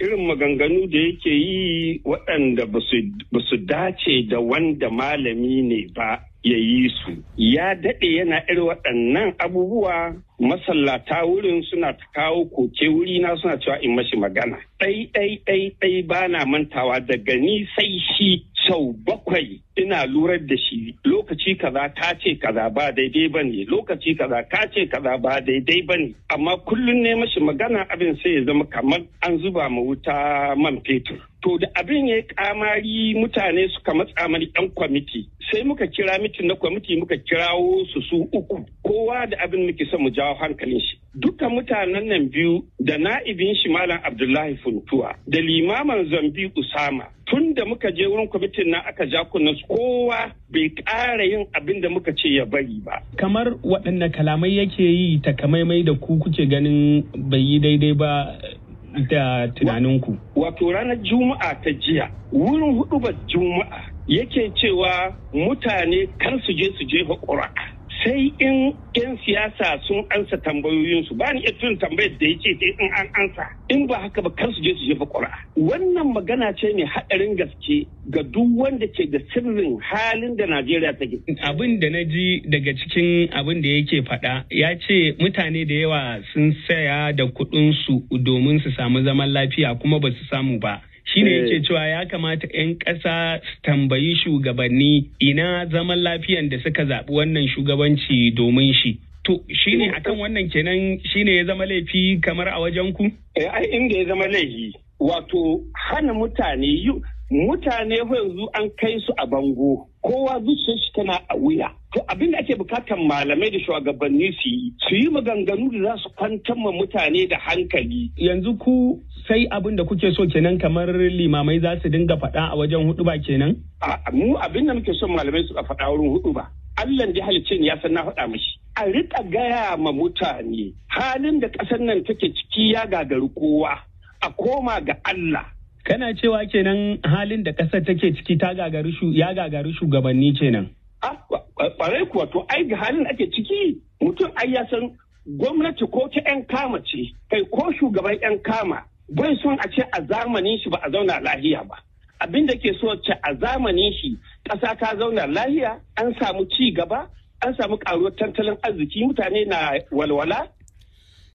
irin maganganu da yake yi waɗanda ba su dace da wanda malami ne ba ya yi su. Ya daɗe yana irin waɗannan abubuwa masallata wurin suna ta kawo koke wuri na suna cewa in mashi magana. Ɗai ɗai ɗai ba na mantawa daga ni sai shi sau bakwai ina lurar da shi lokaci kaza ta ce kaza ba daidai ba ne lokaci kaza ta ce kaza ba daidai ba ne amma kullum ne mashi magana abin sai ya zama kamar an zuba ma wuta man fetur to da abin ya kamari mutane suka matsa mani yan kwamiti sai muka kira mitin na kwamiti muka kirawo su su uku kowa da abin muke son mu jawo hankalin shi duka mutanen nan biyu da na'ibin shi malam abdullahi funtuwa da limaman zambi usama tun da muka je wurin kwamitin na aka ja su kowa bai ƙara yin abin da muka ce ya bari ba. Kamar waɗanne kalamai yake yi takamaimai da ku kuke ganin bai yi daidai ba da tunaninku. Wato ranar Juma'a ta jiya, wurin hudu ba Juma'a yake cewa mutane kan suje suje su ƙura'a. sai in 'yan siyasa sun ansa tambayoyinsu ba ni tun tambayar da ya ce sai in an ansa in ba haka ba kar su je su jefa ƙura wannan magana ce mai haɗarin gaske ga duk wanda ke da sirrin halin da najeriya ta gina abin da na ji daga cikin abin da yake faɗa ya ce mutane da yawa sun saya da kuɗinsu domin su samu zaman lafiya kuma ba su samu ba shine yake eh. cewa ya kamata 'yan ƙasa su tambayi shugabanni ina zaman lafiyan da suka zaɓi wannan shugabanci domin shi. To shi ne eh. akan wannan kenan shi ne ya zama laifi kamar a wajen ku? Eh, ai inda ya zama laifi wato hana mutane mutane yanzu an kai su a bango kowa zuciyar shi tana a wuya to abin da ake bukatan malamai da shugabanni su yi su yi maganganu da za su kwantar ma mutane da hankali yanzu ku sai abin da kuke so kenan kamar limamai za su dinga faɗa a wajen hudu ba kenan a mu abin da muke son malamai su faɗa wurin hudu ba Allah da ne ya san na faɗa mishi a riƙa gaya ma mutane halin da ƙasar nan take ciki ya gagari kowa a koma ga Allah Kana cewa kenan halin da ƙasar take ciki ta gagari ya gagari shugabanni kenan. Ƙwarai ah, kuwa to ai ga halin ake ciki mutum ai ya san gwamnati ko ta 'yan kama ce kai ko shugaban 'yan kama bai son a ce a zamanin shi ba a zauna lahiya ba. Abin da ke so ce a zamanin shi ƙasa ta zauna lahiya an samu ci gaba an samu ƙaruwar tattalin arziki mutane na walwala